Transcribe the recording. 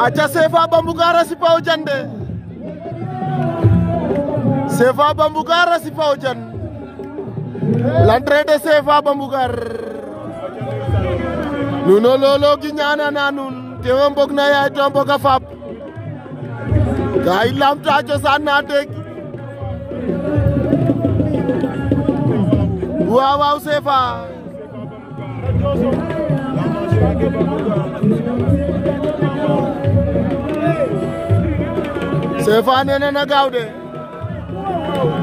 aca CFA Bambougar a sipa o jan de CFA Bambougar a sipa o jan l'entrée de CFA Bambougar nuno lolo gi ñaanana nuun te we na yaay to mboga faap ga i na deg waaw waaw CFA Chefa nee na na gaaw de